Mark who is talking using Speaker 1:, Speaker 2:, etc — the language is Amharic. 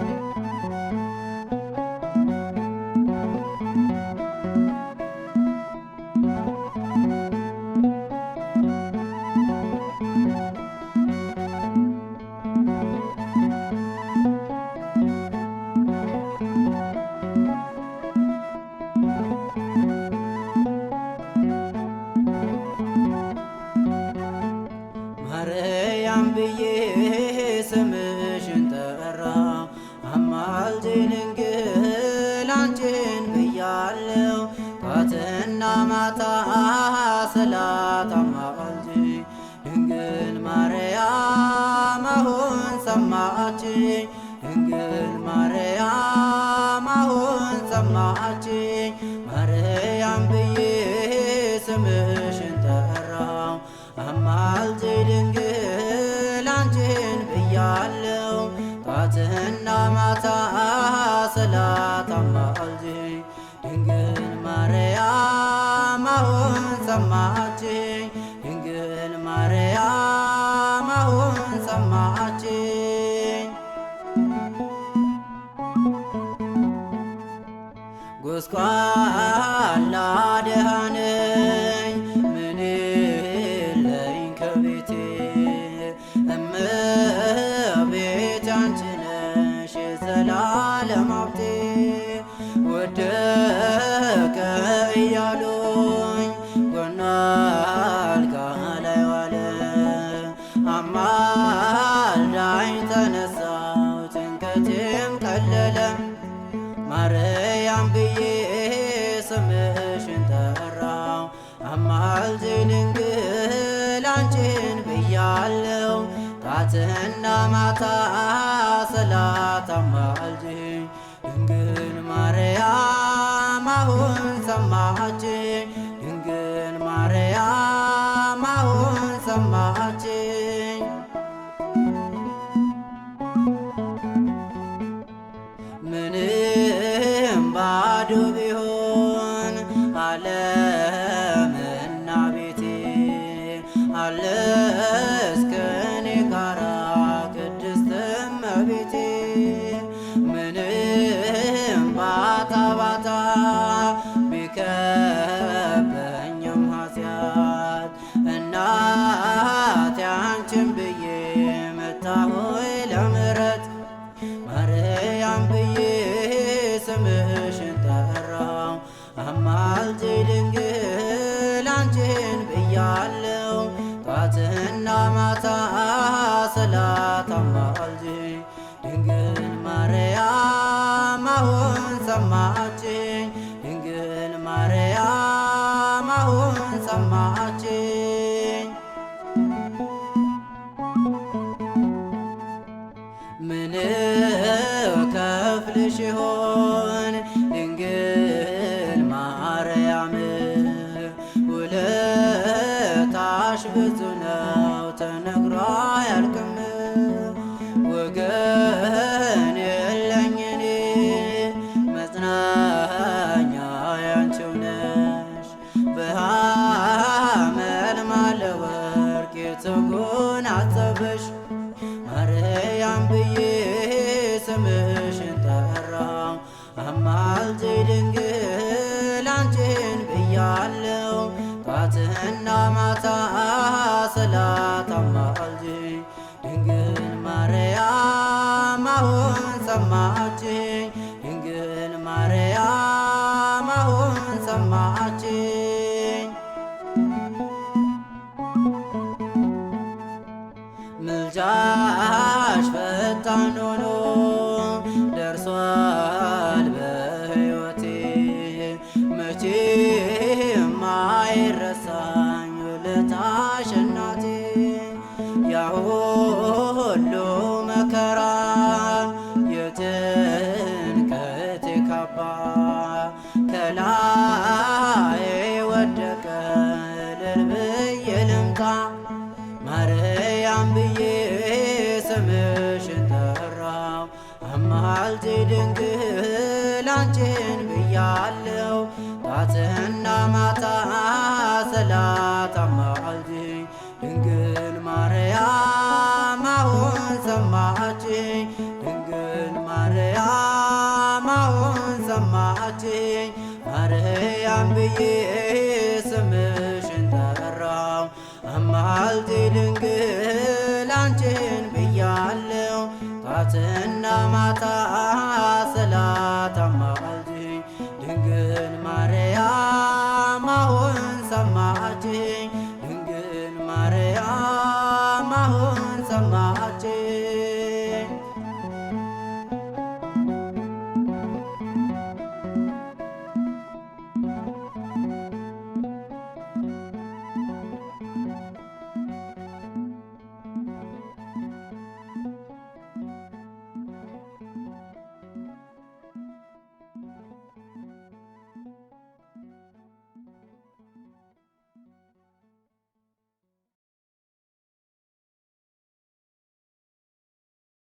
Speaker 1: Bye. አለው ጧትና ማታ ስላት አማልጅ ድንግል ማርያም አሁን ሰማች ድንግል ማርያም አሁን ሰማች ማርያም ብዬ ስምሽን ጠራው አማልጅ ድንግል አንቺን ብያለው ጧትና ማታ ስላት ማርያም አሁን ሰማችኝ፣ ድንግል ማርያም አሁን ሰማችኝ። ጎስቋላ ደሃ ምን የለኝ ከቤቴ እመቤቴ አንቺ ነሽ የዘላለም ሀብቴ እያሉኝ ጎና አልጋ ላይ ዋለ። አማልዳኝ ተነሳው ጭንቀቴም ቀለለ። ማርያም ብዬ ስምሽን ጠራው። አማልጅ ድንግል አንቺን ብያለው ጣትና ማታ ሰላት አማልጅ ድንግል ማርያም አሁን ሰማች ድንግል ማርያም አሁን ሰማች ምንም ባዶ የምጠራው አማልጅ ድንግል አንቺን ብያለው ጧትና ማታ ሰላት አማልጄ ድንግል ማርያም አሁን ሰማችኝ ድንግል ማርያም አሁን ሰማችኝ ምን ከፍልሽ ይሆን ብዙ ነው ተነግሮ አያልቅም። ወገን የለኝ እኔ መጽናኛ ያንቺው ነሽ። በሐመል ማለ ወርቅ የተጎናጸፍሽ ማርያም ብዬ ስምሽን ጠራው አማልጅ ድንግል እና ማታ ስላት ድንግል ማርያም አሁን ሰማች ማርያም ብዬ ስምሽን ጠራው አማልጅ ድንግል አንቺን ብያለው ጧትና ማታ ሰላት አማልጅ ድንግል ማርያም አሁን ሰማችኝ ድንግል ማርያም አሁን ሰማችኝ ማርያም ብዬ ስምሽን ጠራው አማልጅ ድንግል ጠዋትና ማታ